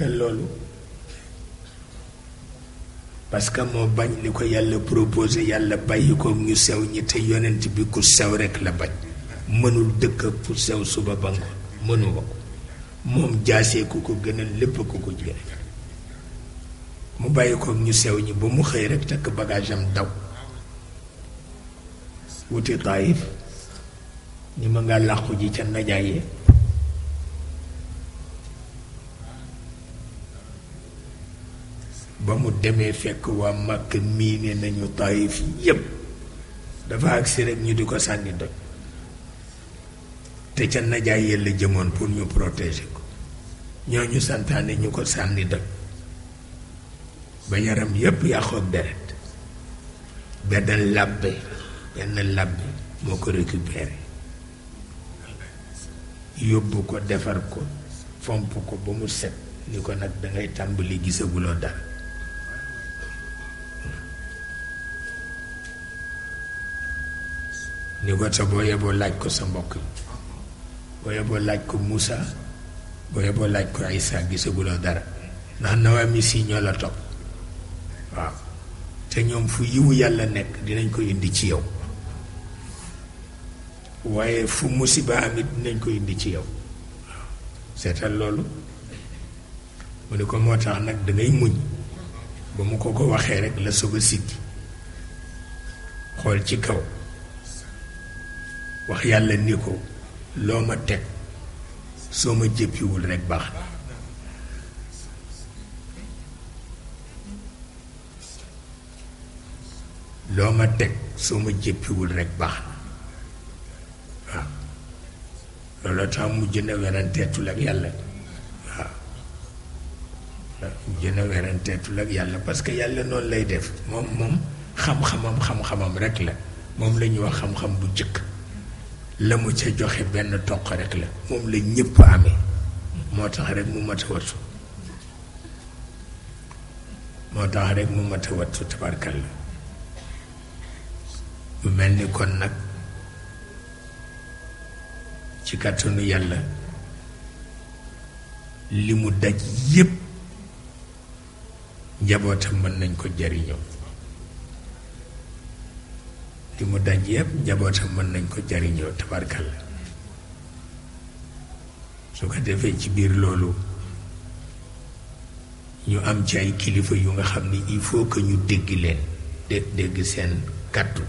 te loolu parce que moo bañ li ko yàlla proposé yàlla bàyyi ñu sew ñi te yonent bi ku sew rekk la bañ mënul dëkk pour sew suba ba ngoon mënu ko moom jaasee ku ko gëna lépp ku ko jële mu bàyyi ñu sew ñi ba mu xëy rekk takk bagage am daw wuti taayif ñi ma nga làqu ji ca najaayee ba mu demee fekk waa màkk miine nañu taayif yépp dafa agsi rek ñi di ko sànni doj te ca najaay la jëmoon pour ñu protéger ko ñoo ñu santaane ñu ko sànni doj ba yaram yépp yàqoog deret benn làbbe benn làbbe moo ko récupéré yóbbu ko defar ko fomp ko ba mu set ni ko nag dangay tàmbali gisaguloo dara ni ko sa boo yeboo laaj ko sa mbokk yi boo yeboo laaj ko Moussa boo yeboo laaj ko Aïssa gisaguloo dara ndax nawaam yi si ñoo la topp waaw te ñoom fu yiwu yàlla nekk dinañ ko indi ci yow waaye fu musiba ko indi ci yow waaw seetal loolu mu ne ko moo tax nag dangay muñ ba mu ko ko waxee rek la soog a siggi xool ci kaw wax yàlla ni ko loo ma teg soo ma jëppiwul rekk baax na loo ma teg soo ma jëppiwul rekk baax na waaw looloo tax mujj na weranteetul ak yàlla waaw mujj na weranteetul ak yàlla parce que yàlla noonu lay def moom moom xam-xamam xam-xamam rekk la moom la ñuy wax xam-xam bu jëkk la mu ca joxe benn toq rek la moom la ñëpp amee moo tax rek mu mat a wattu moo tax rek mu mat a wattu tabarkal la mu mel ni kon nag ci kàttanu yàlla li mu daj yépp njabootam mën nañ ko jariñoo li mu daj yëpp njabootam mën nañ ko jariñoo tabarkalla su ko defee ci biir loolu ñu am ci ay kilifa yu nga xam ni il faut que ñu dégg leen dégg seen kàddu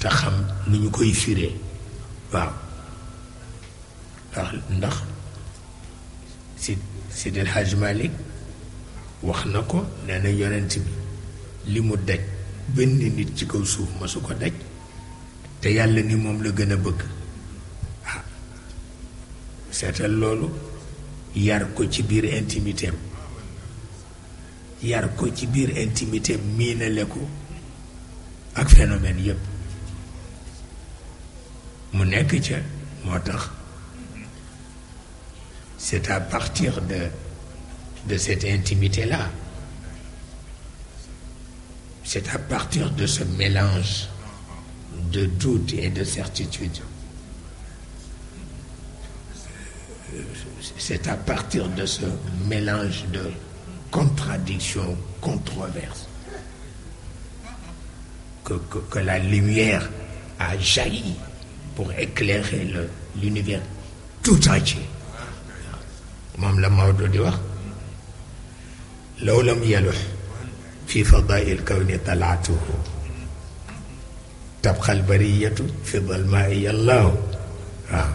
te xam nu ñu koy firee waaw ndax ndax si Seydi El Hadji wax na ko nee na yonent bi li mu daj benn nit ci kaw suuf ma su ko daj te yàlla ni moom la gën a bëgg ah seetal loolu yar ko ci biir intimité yar ko ci biir intimité miinale ko ak phénomène yëpp mu nekk ca moo tax c'est à partir de de cette intimité là c'est à partir de ce mélange de doute et de certitude. C'est à partir de ce mélange de contradictions, controverses, que, la lumière a jailli pour éclairer l'univers tout entier. Même la hein? في فضاء الكون طلعته تبقى البرية في ظلماء الله آه.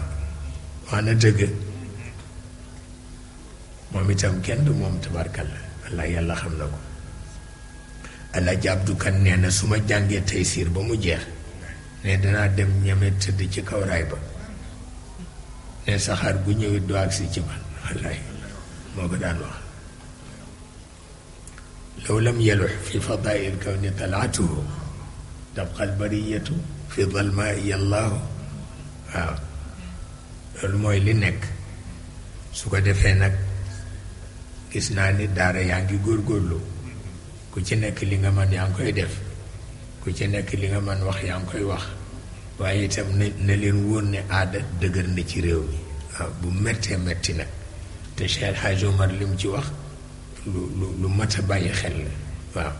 وانا دغ مامي تام كند موم تبارك الله الله يلا خمنا الله جاب دو كان نانا سوما جانغي تيسير بامو جيخ ني دنا دم نيامي تد سي كاو رايبا ني سخار بو نيوي دو اكسي سي الله مو دان واخ law lam yalux fi fadaai lkawni talaatuhu tabqa lbariyatu fi dalmaai allahu waaw loolu mooy li nekk su ko defee nag gis naa ni daara yaa ngi góorgóorlu ku ci nekk li nga mën yaa ngi koy def ku ci nekk li nga man wax yaa ngi koy wax waaye itam na na leen wóor ne aada dëgër na ci réew mi waaw bu méttee métti nag te Cheikh Hadj Omar ci wax lu lu lu mat a bàyyi xel la waaw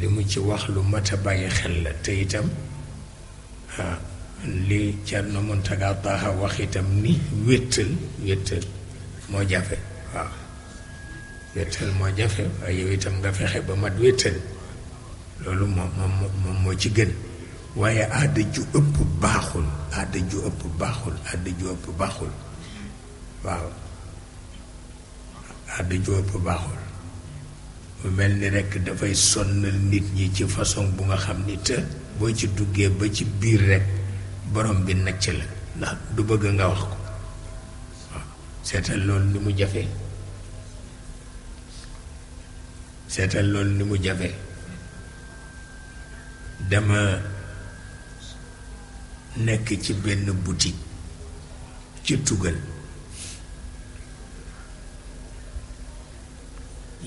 li mu ci wax lu mat a bàyyi xel la te itam li Thierno Mountaga Taaha wax itam ni wéttal wéttal moo jafe waaw wéttal jafe waaye yow itam nga fexe ba mat wéttal loolu moom moom moom moo ci gën waaye aada ëpp baaxul aada ju ëpp ëpp baaxul waaw bi Jóob baaxul mu mel ni rekk dafay sonnal nit ñi ci façon bu nga xam ni te boo ci duggee ba ci biir rekk borom bi nacc la ndax du bëgg nga wax ko waaw seetal lool ni mu jafee seetal loolu ni mu jafee dama nekk ci benn butik ci tugal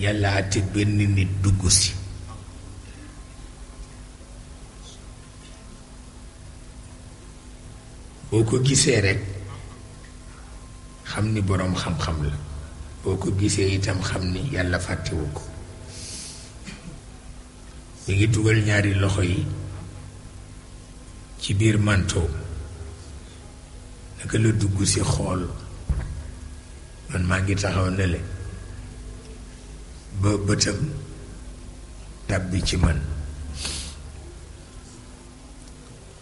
yàlla ate benn nit dugg si boo ko gisee rekk xam ni boroom xam-xam la boo ko gisee itam xam ni yàlla fàttewu ko mu ngi dugal ñaari loxo yi ci biir manto naka la dugg si xool man maa ngi taxaw ne ba bëtam tàbbi ci man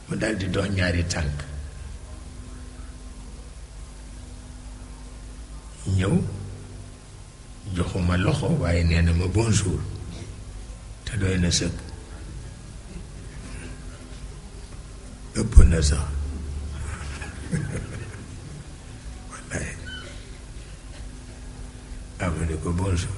mu daldi dox ñaari tànk ñëw joxuma loxo waaye nee na ma bonjour te doy na sëkk ëpp na sax wallaay am ko bonjour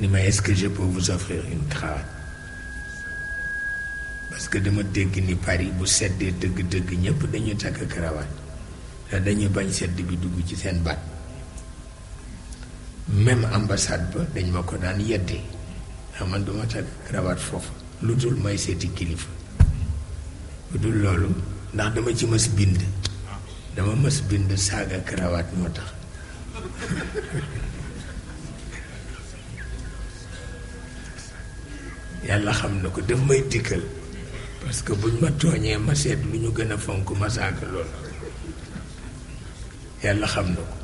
ni ma est-ce que je peux vous offrir une cravate parce que dama dégg ni Paris bu seddee dëgg-dëgg ñëpp dañu takk cravate te dañuy bañ sedd bi dugg ci seen baat même ambassade ba dañ ma ko daan yeddee ndax man duma takk cravate foofu lu dul may seeti kilifa lu dul loolu ndax dama ci mës bind dama mës bind saaga cravate moo tax yàlla xam na ko daf may dikkal parce que buñ ma tooñee ma seet lu ñu gën a fonk ma saaga lool yàlla xam na ko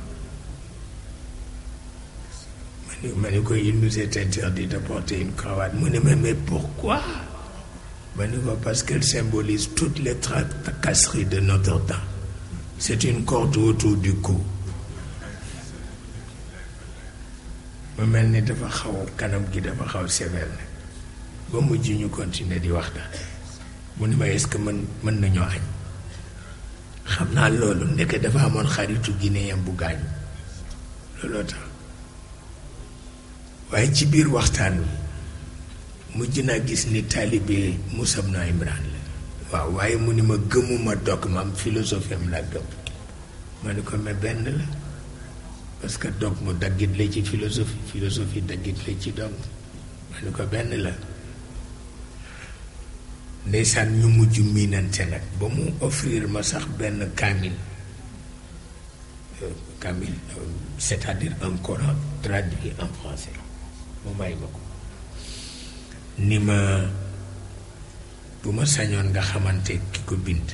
ma ni ma ni koy il nous est interdit de porter une cravate mu ne ma mais pourquoi ma ni ko parce qu'elle symbolise toutes les tracasseries de notre temps c'est une corde autour du cou mu mel ni dafa xaw kanam gi dafa xaw sévère ba mujj ñu continuer di waxtaan mu ni ma est-ce mën mën nañoo añ xam naa loolu ndeke dafa amoon xaritu guinéen bu gaañu looloo tax waaye ci biir waxtaan wi mujj naa gis ni taalibe Moussa ibn Imran la waaw waaye mu ni ma gëmuma dogme am philosophie am laa gëm ma ni ko mais benn la parce que dogme daggit la ci philosophie philosophie daggit la ci dogme ma ni ko benn la ndeysaan ñu mujj miinante nag ba mu offrir ma sax benn kamil kamil c'est-à-dire un coran traduit en français mu may ma ko ni ma bu ma sañoon nga xamante ki ko bind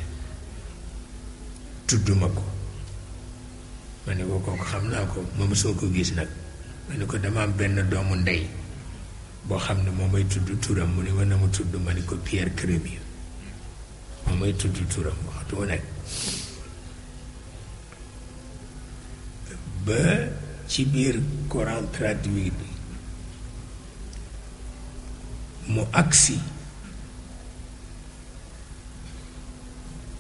tudduma ko ma ne ko kooku ma mësoo gis nag ma ne ko dama am benn doomu ndey boo xam ne moo may tudd turam mu ni ma na mu tudd ma ni ko Pierre Crémieux moo may tudd turam waxtu mu nekk ba ci biir Coran traduit bi mu agsi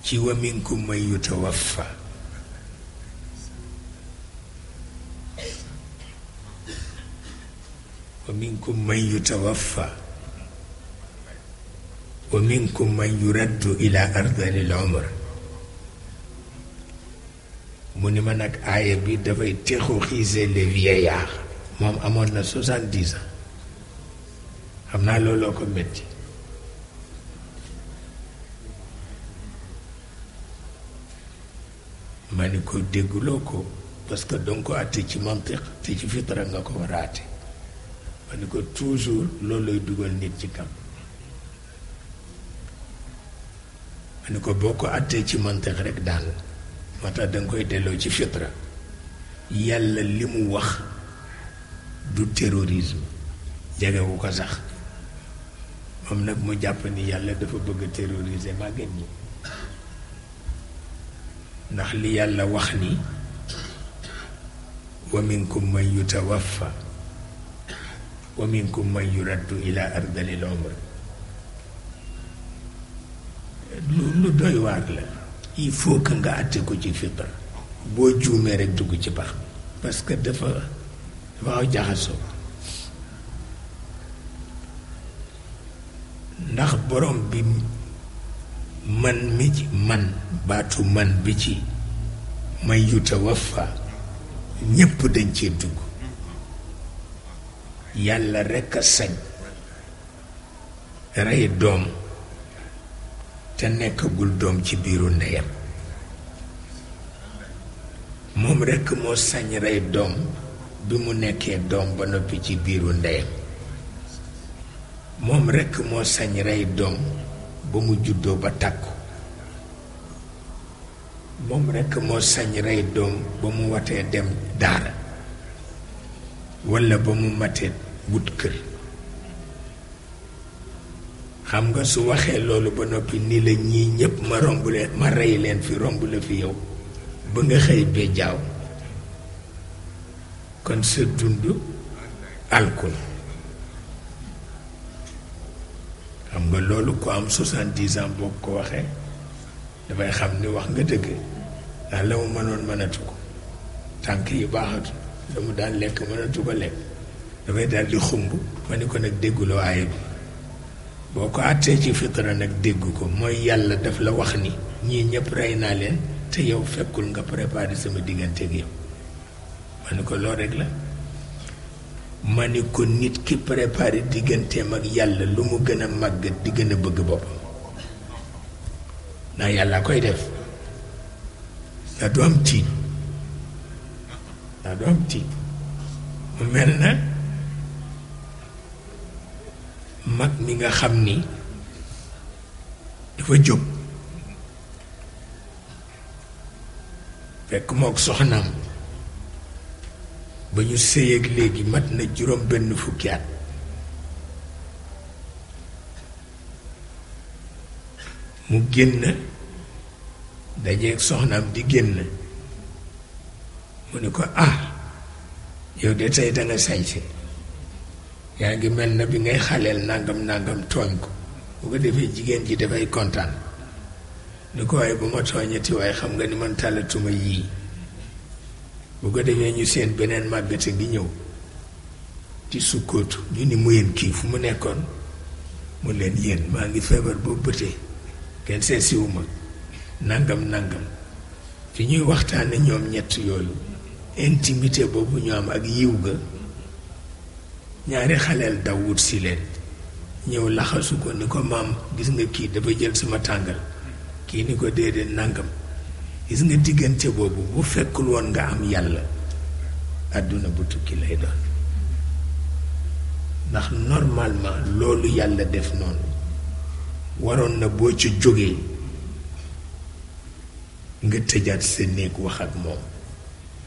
ci wa minkum man yutawaffa ومنكم من يتوفى ومنكم من يرد إلى أرض العمر mu ni ma nag aaya bi dafay texu xiise les vieillards moom amoon na soixante-dix ans xam naa looloo ko métti ma ni ko dégguloo ko parce que danga ko àtte ci mantiq te ci fitra nga ko war a àtte ma ni ko toujours loolu lay dugal nit ci kam ma ko boo ko àttee ci mantax rek daal moo danga koy delloo ci fitre yàlla li mu wax du terrorisme jegewu ko sax moom nag mu jàpp ni yàlla dafa bëgg terroriser màgget mi ndax li yàlla wax ni wa minkum man yutawaffa wa may man yuraddu ila ardalil umr lu lu doy waar la il faut nga àtte ko ci fibre boo juumee rek dugg ci bax parce que dafa dafa jaxasoo ndax borom bi man mi man baatu man bi ci may yuta wafa ñépp dañ cee dugg yàlla rekk a sañ rey doom te nekkagul doom ci biiru ndeyam moom rekk moo sañ rey doom bi mu nekkee doom ba noppi ci biiru ndeyam moom rekk moo sañ rey doom ba mu juddoo ba tàkku moom rekk moo sañ rey doom ba mu watee dem daara walla ba mu matee wut kër xam nga su waxee loolu ba noppi ni la ñii ñépp ma romb leen ma rey leen fi romb la fi yow ba nga xëy bee jaaw kon sa dund alkul xam nga loolu ko am soixante-dix ans boo ko waxee dafay xam ni wax nga dëgg ndax la mu mënoon mënatu ko tànk yi baaxatu la mu daan lekk mënatu ko lekk dafay daal di xumb ma ni ko nag dégguloo aaya bi boo ko àttee ci fitra nag dégg ko mooy yàlla daf la wax ni ñii ñëpp rey naa leen te yow fekkul nga préparé sama diggante ak yow ma ni ko loo rek la ma ni ko nit ki préparé digganteem ak yàlla lu mu gën a màgg di gën a bëgg boppam ndax yàlla koy def nga du tiit daa du am tiit mu mel na mag mi nga xam ni dafa jóg fekk mook soxnaam ba ñu sëy léegi mat na juróom benn fukki mu génn dajeeg soxnaam di génn mu ni ko ah yow de tey danga sañse yaa ngi mel na bi ngay xaleel nangam nangam tooñ ko bu ko defee jigéen ji dafay kontaan ni ko waaye bu ma tooñati waaye xam nga ni man tàllatuma yii bu ko defee ñu seen beneen màggata gi ñëw ci sukkootu ñu ni mu yéen kii fu mu nekkoon mu leen yéen maa ngi feebar boo bëtee kenn seet siwu ma nangam nangam fi ñuy waxtaane ñoom ñett yooyu intimité boobu ñu am ak yiw ga ñaari xaleel daw wut si leen ñëw laxasu ko ni ko maam gis nga kii dafa jël sama tàngal kii ni ko déedéet nàngam gis nga diggante boobu bu fekkul woon nga am yàlla àdduna bu tukki lay doon ndax normalement loolu yàlla def noonu waroon na boo ci jógee nga tëjaat sa néeg wax ak moom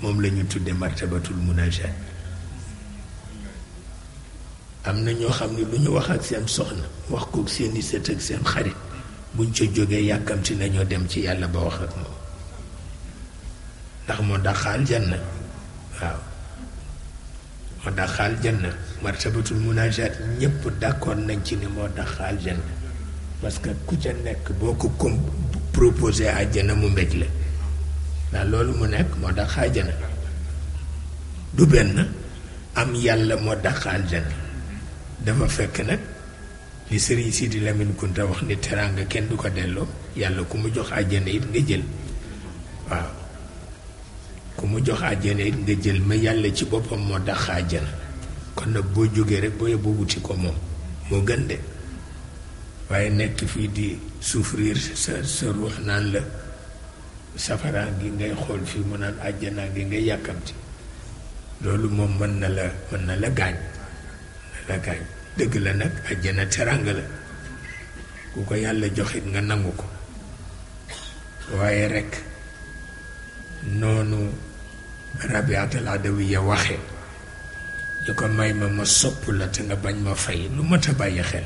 moom la ñu tudde martabatul munajat am na ñoo xam ne lu ñu wax ak seen soxna wax kook seeni sët ak seen xarit buñ ca jógee yàkkamti nañoo dem ci yàlla ba wax ak moom ndax moo daxaal janna waaw moo daxaal janna martabatul munajat ñëpp d'accord nañ ci ni moo daxaal janna parce que ku ca nekk boo ko comme proposé àjjana mu mbéj la ndax loolu mu nekk moo tax xaajana du benn am yàlla moo tax aljana dafa fekk nag li sëriñ di Lamine Kunta wax ni teraanga kenn du ko delloo yàlla ku mu jox àjjana it nga jël waaw ku mu jox àjjana it nga jël ma yàlla ci boppam moo tax àjjana kon nag boo jógee rek boo yóbbu wuti ko moom moo gën de waaye nekk fii di souffrir sa sa ruux naan la safaraa gi ngay xool fii mu naan àjjanaa gi ngay yàkkamti loolu moom mën na la mën na la gaañ mën la gaañ dëgg la nag àjjana teranga la ku ko yàlla joxit nga nangu ko waaye rekk noonu rabiatal adawiya waxee ñu ko may ma ma sopp la te nga bañ ma fay lu mat a bàyyi xel